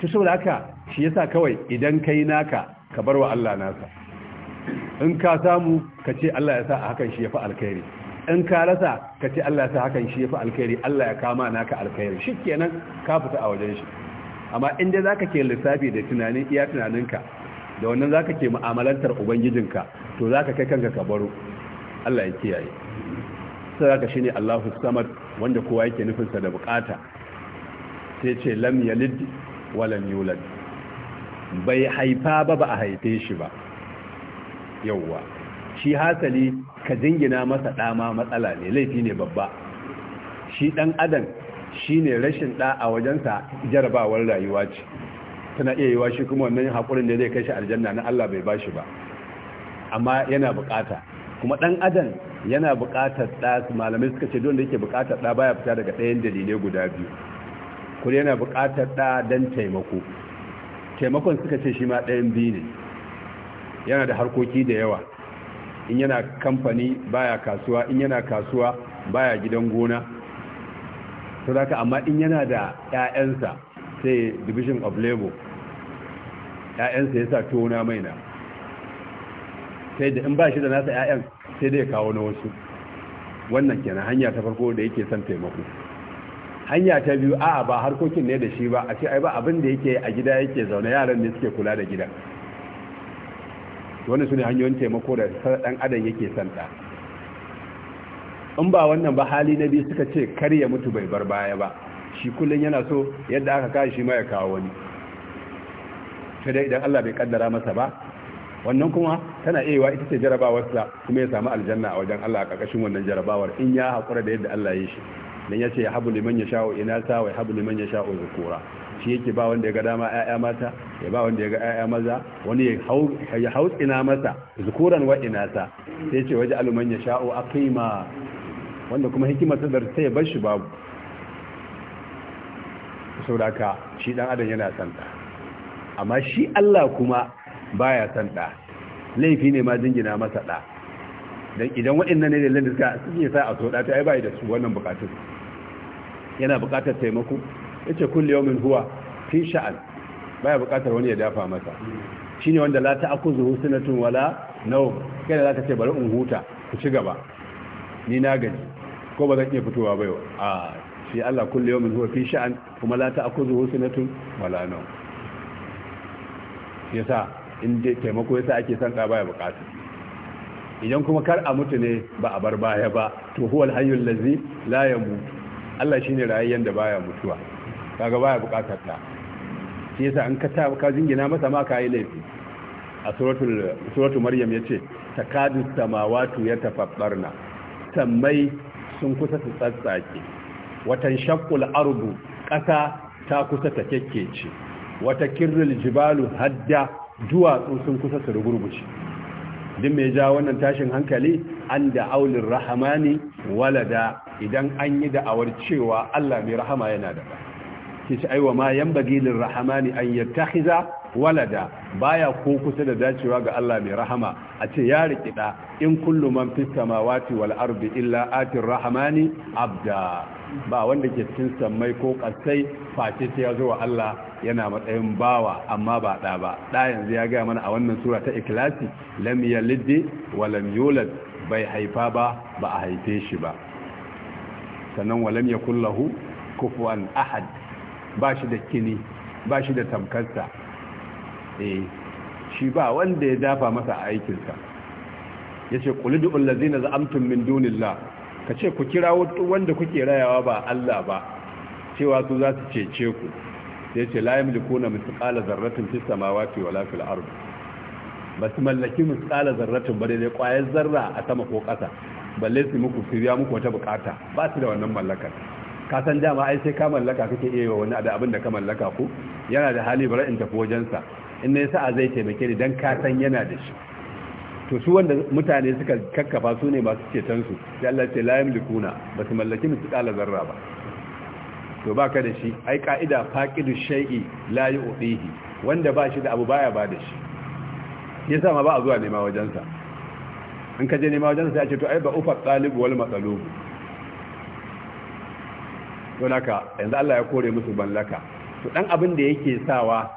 to saboda haka shi yasa kawai idan kai naka ka bar wa Allah nasa in ka samu ka ce Allah ya sa a hakan shi ya fi alkhairi in ka rasa ka ce Allah ya sa hakan shi ya fi alkhairi Allah ya kama naka alkhairi shi kenan ka fita a wajen shi amma in dai zaka ke lissafi da tunanin iya tunaninka da wannan zaka ke mu'amalantar ubangijinka to zaka kai kanka ka baro Allah ya kiyaye zaka shine Allahu samad wanda kowa yake nufin sa da bukata sai ce lam yalid wa lam yulad bai haifa ba ba a haife shi ba yauwa shi hasali ka jingina masa dama matsala ne laifi ne babba shi dan adam ne rashin da a wajensa jarabawar rayuwa ce tana iya yiwa shi kuma wannan haƙurin da zai kai shi aljanna na Allah bai bashi ba amma yana bukata kuma dan adam yana bukatar da malamai suka ce don da yake bukatar da baya fita daga ɗayan dalilai guda biyu kuma yana bukatar da dan taimako taimakon suka ce shi ma ɗayan biyu ne yana da harkoki da yawa in yana kamfani baya kasuwa in yana kasuwa baya gidan gona to haka amma in yana da 'ya'yansa sai division of labor 'ya'yansa ya sa tona na sai da in ba shi da nasa 'ya'yan sai dai kawo na wasu wannan kenan hanya ta farko da yake son taimako hanya ta biyu a'a ba harkokin ne da shi ba a ce ai ba abin da yake a gida yake zaune yaran ne suke kula da gida wannan su ne hanyoyin taimako da dan adam yake santa in ba wannan ba hali na biyu suka ce kar ya mutu bai bar baya ba shi kullum yana so yadda aka kashi shi ma ya kawo wani sai dai idan Allah bai kaddara masa ba wannan kuma tana iya ita ce jarabawarsa kuma ya samu aljanna a wajen Allah a ƙarƙashin wannan jarabawar in ya haƙura da yadda Allah ya yi shi dan yace ya habu liman ya sha'u ta wa habu liman ya sha'u zukura shi yake ba wanda ya ga dama ƴaƴa mata ya ba wanda ya ga ƴaƴa maza wani ya hau ya hau ina masa zukuran wa ta sai yace waje aluman ya sha'u aqima wanda kuma hikimar ta darta ya bar shi babu sauraka shi dan adam yana san amma shi Allah kuma baya san laifi ne ma jingina masa da dan idan waɗannan ne da suka suke sa a soda da ta ai bai da su wannan bukatun yana buƙatar taimako yace kullu yawmin huwa fi sha'an baya buƙatar wani ya dafa masa shine wanda la zuhu sunatun wala nau kai za zaka ce bari in huta ku ci gaba ni na gaji ko ba zan iya fitowa ba yau a shi Allah kullu yawmin huwa fi sha'an kuma la zuhu sunatun wala nau yasa in taimako yasa ake san ka baya buƙata. idan kuma kar a mutu ne ba a bar baya ba to huwal hayyul ladzi la yamutu Allah shi ne rayayyen da baya mutuwa kaga baya bukatar ta shi yasa an ka ta ka jingina masa ma ka yi laifi a suratul suratul maryam ya takadu samawati yatafaffarna sammai sun kusa su tsatsake watan shaqqul ardu ƙasa ta kusa ta kekkece wata kirril jibalu hadda duwatsu sun kusa su rugurgushi din mai ja wannan tashin hankali an da aulin rahamani walada idan an yi da'awar cewa Allah mai rahama yana da ba ke ci aiwa ma yan bagilin rahamani an yattakhiza walada baya ko kusa da dacewa ga Allah mai rahama a ce ya riki ɗa in kullum man fis samawati wal ardi illa atir rahamani abda ba wanda ke cikin sammai ko kasai face ta yazo wa Allah yana matsayin bawa amma ba da ba da yanzu ya gaya mana a wannan sura ta ikhlasi lam yalid wa lam yulad bai haifa ba ba a haife shi ba sannan walam ya kullahu kufuwan ahad ba shi da kini ba da tamkarsa eh shi ba wanda ya dafa masa aikinsa ya ce kulidu ulazi na za'amtun min dunillah ka ce ku kira wanda kuke rayawa ba Allah ba cewa su za su cece ku ya ce layan likuna misukala zarratin fi samawati wala fil ba su mallaki misukala zarratin ba daidai kwayar zarra a sama ko ƙasa balle su muku su muku wata bukata ba su da wannan mallakar ka san dama ai sai ka mallaka kake iya wa wani da abin da ka mallaka ku? yana da hali bara in tafi wajensa in ne sa'a zai taimake ni dan ka san yana da shi to su wanda mutane suka kakkafa su ne masu ceton su sai Allah ce la yamlikuna ba su mallaki musu kala zarra ba to baka da shi ai ka'ida faqidu shay'i la yu'tihi wanda ba shi da abu baya ba da shi yasa ma ba a zuwa nema wajensa An kaje ne nema wajen sai a ce to ai ba ufa talibu wal matsalubu to laka yanzu Allah ya kore musu ballaka to dan abin da yake sawa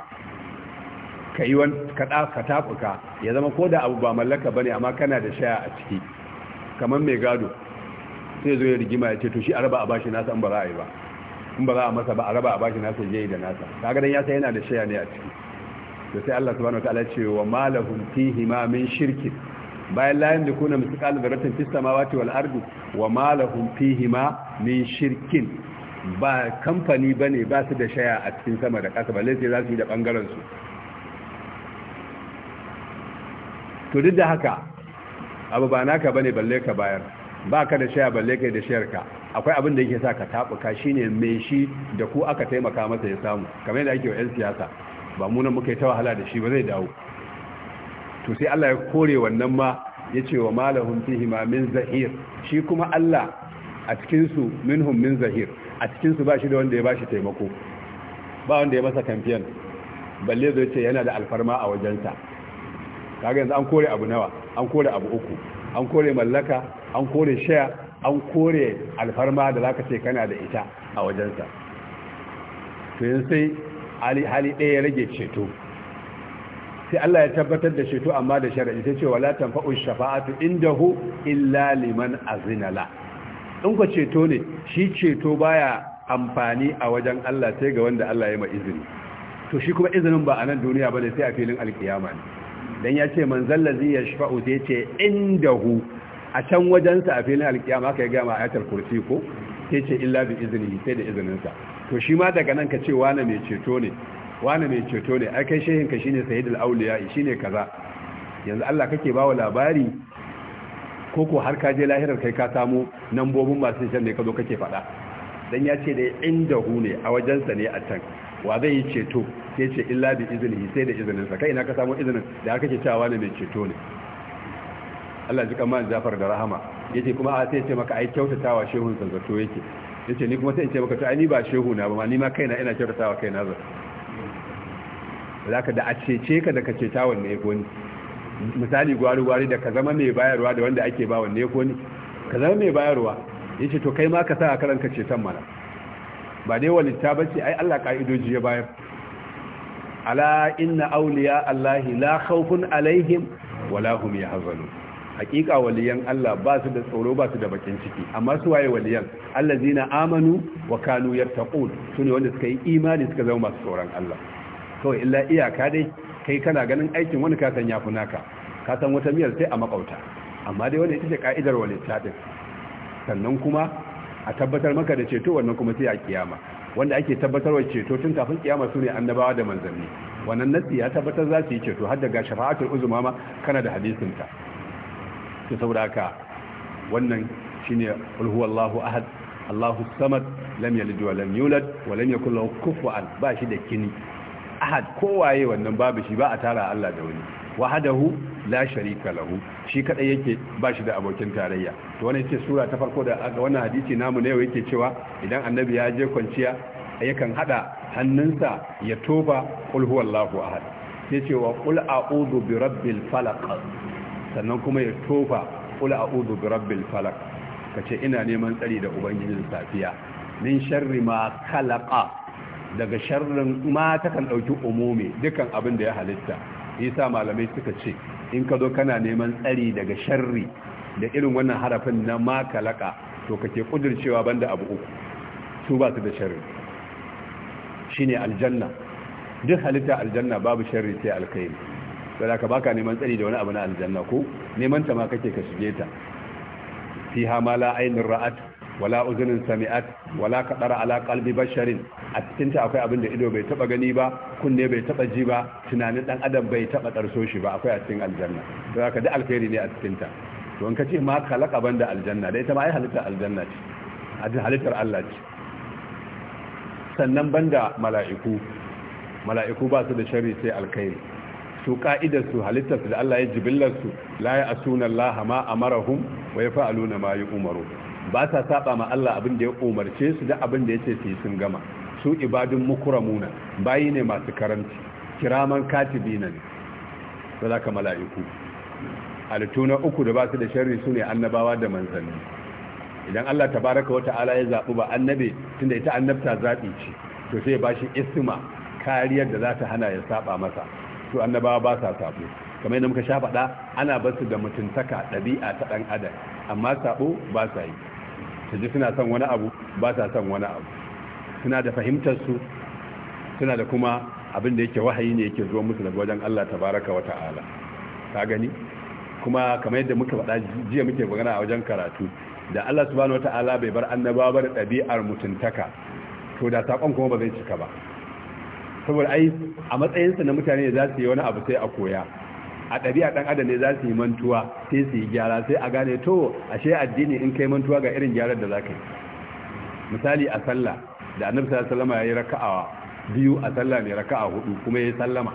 ka yi ka tafuka ya zama ko da abu ba mallaka bane amma kana da shaya a ciki kamar mai gado sai zo ya rigima ya ce to shi a raba a bashi nasa an ba za a yi ba in ba za a masa ba a raba a bashi nasa ya yi da nasa kaga dan ya san yana da shaya ne a ciki to sai Allah subhanahu wataala ya ce wa malahum fihi ma min shirkin bayan layin da kuna la da mithqala fista ma wace wal ardi wama fihi fihima min shirkin ba kamfani bane ba su da shaya a cikin sama da ƙasa balle sai za su yi da bangaren su to duk da haka abu ba naka bane balle ka bayar ba ka da shaya balle kai da shayar ka akwai abin da yake sa ka tabuka shine me shi da ku aka taimaka masa ya samu kamar yadda ake wa 'yan siyasa ba munan muka yi ta wahala da shi ba zai dawo to sai Allah ya kore wannan ma ya ce wa malahun fihima min zahir shi kuma Allah a cikinsu minhum min zahir a cikinsu ba shi da wanda ya ba taimako ba wanda ya masa kamfiyan balle zai ce yana da alfarma a wajensa kaga yanzu an kore abu nawa an kore abu uku an kore mallaka an kore shaya an kore alfarma da zaka ce kana da ita a wajensa to yanzu sai hali ɗaya ya rage ceto sai Allah ya tabbatar da ceto amma da shar'i ta ce wala tanfa'u shafa'atu indahu illa liman azina la in ku ceto ne shi ceto baya amfani a wajen Allah sai ga wanda Allah ya ma izini to shi kuma izinin ba a nan duniya bane sai a filin alkiyama ne dan ya ce man zallazi yashfa'u sai ce indahu a can wajensa a filin alkiyama kai ga ma ayatul kursi ko sai ce illa bi izini sai da izinin sa to shi ma daga nan ka ce wani mai ceto ne wani mai ceto ne ai kai ka shine sayyidul auliya shine kaza yanzu Allah kake bawa labari ko ko har ka je lahirar kai ka samu nambobin masu shan ne ka zo kake faɗa dan ya ce da inda hu ne a sa ne a can wa zai yi ceto sai ce illa bi izini sai da sa. kai ina ka samu izinin da aka ce cewa ne mai ceto ne Allah ji kamar Jafar da Rahama yace kuma a sai ce maka ai kyautatawa shehun sanzato yake yace ni kuma sai in ce maka to ai ni ba shehu na ba ma ni ma kaina ina kyautatawa kaina zato ka da a cece ka da ka ceta wanne ya koni misali gwari gwari da ka zama mai bayarwa da wanda ake ba wanne ya koni ka zama mai bayarwa ya ce to kai ma ka sa a karan ka cetan mana ba dai walitta ce ai Allah ka'idoji ya bayar ala inna auliya allahi la khawfun alaihim wala hum yahzanun hakika waliyan Allah ba su da tsoro ba su da bakin ciki amma su waye waliyan allazina amanu wa kanu yattaqun sune wanda suka yi imani suka zama masu tsoron Allah kawai illa iyaka dai kai kana ganin aikin wani kasan ya fi naka kasan wata miyar sai a makauta amma dai wani ita ce ka'idar wani din sannan kuma a tabbatar maka da ceto wannan kuma sai a kiyama wanda ake tabbatar wa ceto tun kafin kiyama su ne annabawa da manzanni wannan nasi ya tabbatar za su yi ceto har daga shafa'atul uzuma ma kana da hadisin ta to saboda haka wannan shine qul huwallahu ahad Allahu samad lam yalid wa lam yulad wa lam yakul lahu kufuwan ba shi da kini ahad kowaye wannan babu shi ba a tara Allah da wani wahadahu la sharika lahu shi kadai yake ba shi da abokin tarayya to wannan yace sura ta farko da wannan hadisi namu ne yake cewa idan annabi ya je kwanciya yakan hada hannunsa ya toba qul huwallahu ahad sai ce wa qul a'udhu bi rabbil falaq sannan kuma ya toba qul a'udhu bi rabbil falaq kace ina neman tsari da ubangijin safiya min sharri ma khalaqa daga sharrin ma ta kan ɗauki umumi dukan abin da ya halitta yasa malamai suka ce in ka zo kana neman tsari daga sharri da irin wannan harafin na makalaka to kake kudircewa banda abu uku su ba su da sharri shine aljanna duk halitta aljanna babu sharri sai alkhairi sai ka baka neman tsari da wani abu na aljanna ko neman ta ma kake ka shige ta fiha ma ra'at wala uzunin sami'at wala kadara ala qalbi basharin a cikin ta akwai abin da ido bai taba gani ba kunne bai taba ji ba tunanin dan adam bai taba darso shi ba akwai a cikin aljanna to haka da alkhairi ne a cikin ta to in ka ce ma khalaqa banda aljanna dai ta ma ai halittar aljanna ce a halittar Allah ce sannan banda mala'iku mala'iku ba su da sharri sai alkhairi su ka'idar su halittar su da Allah ya jibillar su la ya asuna Allah ma amarahum wa yafa'aluna ma yu'maru ba sa saba ma Allah abin da ya umarce su da abin da yake sai sun gama su ibadun mukramuna bayi ne masu karanci kiraman katibina ne zalaka mala'iku halittu na uku da ba su da sharri su ne annabawa da manzanni idan Allah tabaraka wa ta'ala ya zaɓi ba annabe tunda ita annabta zaɓi ce to sai ba shi isma kariyar da za ta hana ya saba masa to annabawa ba sa sabo kamar yadda muka sha faɗa ana basu da mutuntaka ɗabi'a ta ɗan adam amma saɓo ba sa yi ta ji suna son wani abu ba ta son wani abu suna da fahimtar su suna da kuma abin da yake wahayi ne yake zuwa musu daga wajen Allah tabaraka wa ta'ala ka gani kuma kamar yadda muka faɗa jiya muke magana a wajen karatu da Allah subhanahu wa ta'ala bai bar annaba ba da ɗabi'ar mutuntaka to da sakon kuma ba zai cika ba saboda ai a matsayinsa na mutane za su yi wani abu sai a koya a ɗabi'a ɗan adam ne za su yi mantuwa sai su yi gyara sai a gane to ashe addini in kai mantuwa ga irin gyarar da za ka yi misali a sallah da annabi Sallama ya yi raka'a biyu a sallah mai raka'a hudu kuma ya yi sallama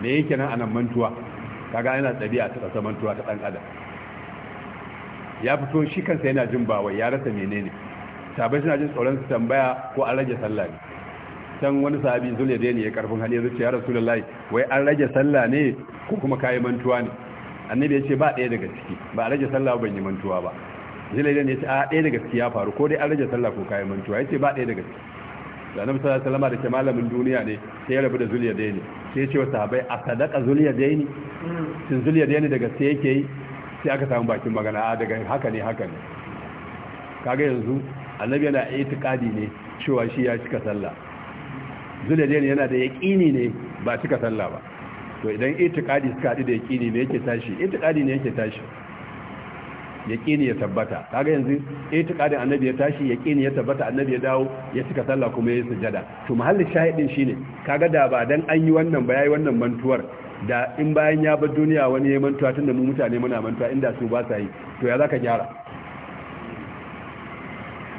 me yake nan anan mantuwa kaga yana ɗabi'a ta tsasa mantuwa ta ɗan adam ya fito shi kansa yana jin bawai ya rasa menene sabai suna jin tsoron su tambaya ko an rage sallah ne can wani sahabi zule da ne ya karfin hali yanzu ce ya rasulullahi wai an rage sallah ne ko kuma kayi mantuwa ne annabi ya ce ba ɗaya daga ciki ba a rage sallah ban yi mantuwa ba zule da ne ya ce a ɗaya daga ciki ya faru ko dai an rage sallah ko kayi mantuwa ya ce ba ɗaya daga ciki da annabi sallallahu alaihi da ke malamin duniya ne sai ya rabu da zuliya da ne sai ya ce wa sahabai a sadaka zuliya da ne shin zuliya da ne daga sai yake yi sai aka samu bakin magana a daga haka ne haka ne kaga yanzu annabi yana itikadi ne cewa shi ya cika sallah zulalaini yana da yaƙini ne ba cika sallah ba to idan itikadi suka haɗu da yaƙini ne yake tashi itikadi ne yake tashi yaƙini ya tabbata kaga yanzu itikadin annabi ya tashi yaƙini ya tabbata annabi ya dawo ya cika sallah kuma ya sujada to mahallin shahidin shine kaga da ba dan an yi wannan ba yayi wannan mantuwar da in bayan ya bar duniya wani ya mantuwa tunda mu mutane muna mantuwa inda su ba sa yi to ya zaka gyara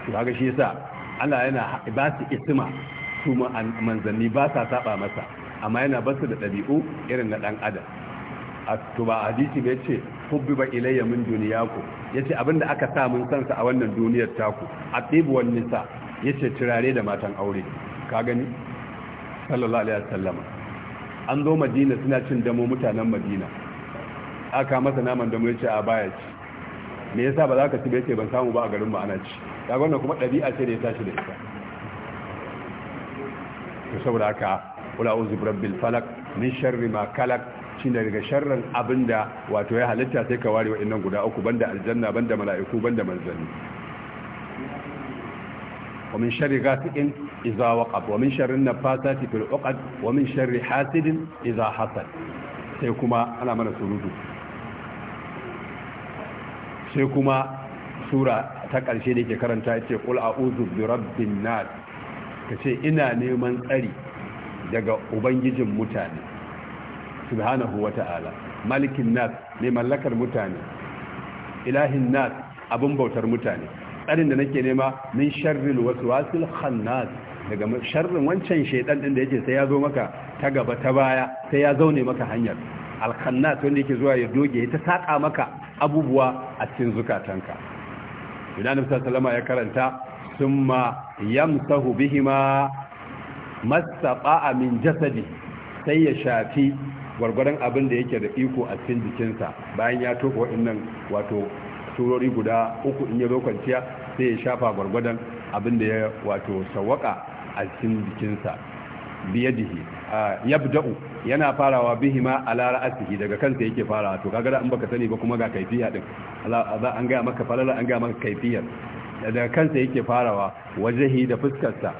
to kaga shi yasa Allah yana ba su isma su manzanni ba sa saba masa amma yana basu da ɗabi'u irin na ɗan adam a tuba hadisi ne ce ba ilayya min ku. yace da aka sa mun sansa a wannan duniyar taku atib wani nisa yace turare da matan aure ka gani sallallahu alaihi wasallama an zo madina suna cin damo mutanen madina aka masa naman damo yace a baya ci me yasa ba za ka ci bai ce ban samu ba a garin mu ana ci kaga wannan kuma ɗabi'a ce da ya tashi da ita to saboda haka kula uzu rabbil falak min sharri ma kalak ne daga sharrin abinda wato ya halitta sai ka ware wa'annan guda uku banda aljanna banda mala'iku banda manzanni wa min sharri ghasiqin idza waqab wa min sharri nafasati fil uqad wa min sharri hasidin idza hasad sai kuma ana mana surutu sai kuma sura ta ƙarshe da ke karanta ya ce a'udhu bi rabbin nas ka ce ina neman tsari daga ubangijin mutane subhanahu wa ta'ala malikin nas ne mallakar mutane ilahin nas abin bautar mutane tsarin da nake nema min wasu wasu khannas daga sharrin wancan shaidan din da yake sai ya zo maka ta gaba ta baya sai ya zaune maka hanyar alkhannas wanda yake zuwa ya doge ta saka maka abubuwa a cikin zukatanka idan annabi ya karanta thumma yamsahu bihima mastafa'a min jasadi sai ya shafi gwargwaron abin da yake da iko a cikin jikinsa bayan ya toko waɗannan wato turori guda uku in ya zo kwanciya sai ya shafa gwargwadon abin da ya wato sawaka a cikin jikinsa biyadihi yabda'u yana farawa bihima ala asiri daga kansa yake farawa to kaga da an baka sani ba kuma ga kaifiya din Allah an ga maka falala an ga maka kaifiyar daga kansa yake farawa wajahi da fuskarsa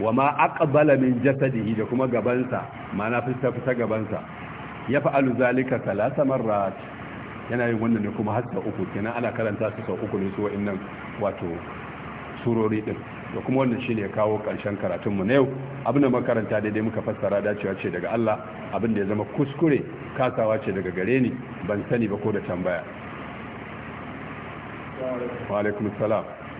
wa ma aqbala min jasadihi da kuma gabansa mana fuska fuska gabansa ya fa'alu zalika thalatha marrat yana yin wannan ne kuma har uku kenan ana karanta su sau uku ne su wa'annan wato surori din da kuma wannan shi ne kawo ƙarshen karatunmu na yau abin da makaranta daidai muka fassara dacewa ce daga Allah abin da ya zama kuskure kasawa ce daga gare ni ban sani ba ko da tambaya wa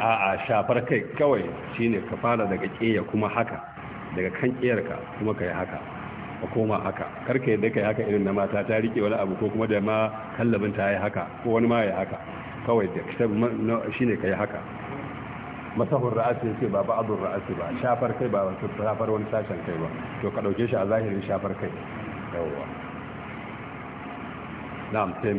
a'a shafar kai kawai shine ka fara daga keya kuma haka daga kan ka kuma kai haka ka koma haka karka yadda kai haka irin na mata ta rike wani abu ko kuma da ma kallabin ta yi haka ko wani ma ya haka kawai da shine kai haka masahun ra'asi ce ba ba abun ra'asi ba shafar kai ba shafar wani sashen kai ba to ka dauke shi a zahirin shafar kai yawwa na'am sai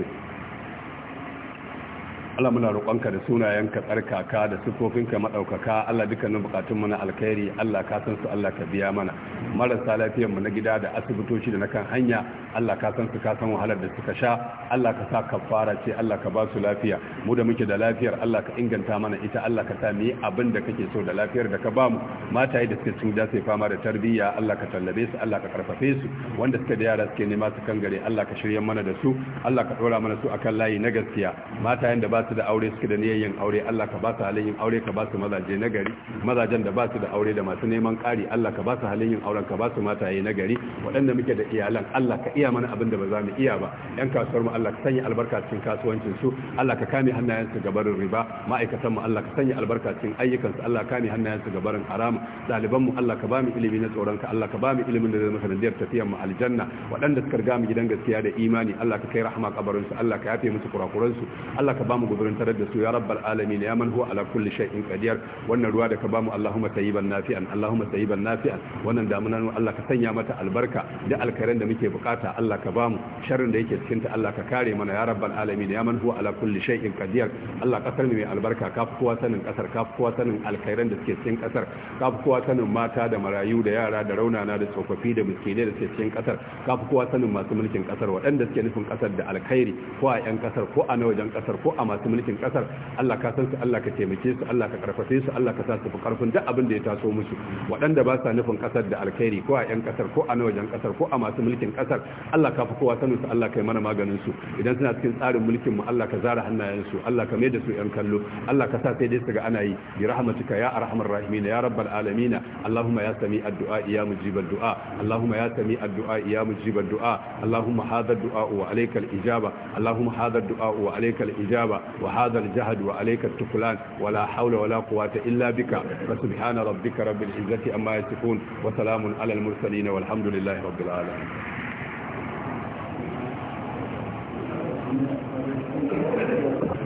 Allah muna roƙonka da sunayenka tsarkaka da sifofinka madaukaka Allah dukkanin bukatun mu na alkhairi Allah ka san su Allah ka biya mana marasa lafiyar mu na gida da asibitoci da na kan hanya Allah ka san su ka san wahalar da suka sha Allah ka sa kafara ce Allah ka ba su lafiya mu da muke da lafiyar Allah ka inganta mana ita Allah ka sa mu yi abin da kake so da lafiyar da ka ba mu mataye da suke cikin dace fama da tarbiyya Allah ka tallabe su Allah ka karfafe su wanda suka da yara suke nema su kan gare Allah ka shirye mana da su Allah ka dora mana su akan layi na gaskiya matayen da ba su da aure suke da niyyar aure Allah ka ba su halin yin aure ka ba su mazaje na gari mazajen da ba su da aure da masu neman ƙari Allah ka ba su halin yin auren ka ba su mataye na gari waɗanda muke da iyalan Allah ka iya mana abin da ba za mu iya ba yan kasuwar mu Allah ka sanya albarka cikin kasuwancin su Allah ka kame hannayen su gabarin riba ma'aikatan mu Allah ka sanya albarka cikin ayyukan su Allah ka kame hannayen su barin haram ɗaliban mu Allah ka ba mu ilimi na tsoron ka Allah ka ba mu ilimin da zai maka nadiyar tafiyar mu aljanna waɗanda suka riga mu gidan gaskiya da imani Allah ka kai rahama kabarin su Allah ka yafe musu kurakuran su Allah ka ba mu gurin da su ya rabbal alamin ya man huwa ala kulli shay'in qadir wannan ruwa da ka bamu Allahumma tayyiban nafi'an Allahumma tayyiban nafi'an wannan damuna ne Allah ka sanya mata albarka da alkarin da muke bukata Allah ka bamu sharrin da yake cikin ta Allah ka kare mana ya rabbal alamin ya man huwa ala kulli shay'in qadir Allah kasar mai albarka ka fi kowa sanin kasar ka fi kowa sanin alkairan da suke cikin kasar ka fi kowa sanin mata da marayu da yara da raunana da tsofaffi da miskinai da suke cikin kasar ka fi kowa sanin masu mulkin kasar waɗanda suke nufin kasar da alkhairi ko a 'yan kasar ko a na wajen kasar ko a masu mulkin kasar Allah ka san su Allah ka taimake su Allah ka karfafe su Allah ka sa su fi karfin duk abin da ya taso musu waɗanda ba sa nufin kasar da alkhairi ko a yan kasar ko a wajen kasar ko a masu mulkin kasar Allah ka fi kowa sanin su Allah ka yi mana maganin su idan suna cikin tsarin mulkin mu Allah ka zara hannayen su Allah ka mai da su yan kallo Allah ka sa sai dai su ga ana yi bi rahmatika ya arhamar rahimin ya rabbal alamin Allahumma ya sami addu'a ya mujibad du'a Allahumma ya sami addu'a ya mujibad du'a Allahumma hadha dua wa alayka ijaba Allahumma hadha dua wa alayka ijaba وهذا الجهد وعليك التكلان ولا حول ولا قوة إلا بك فسبحان ربك رب العزة أما يسفون وسلام على المرسلين والحمد لله رب العالمين Thank you.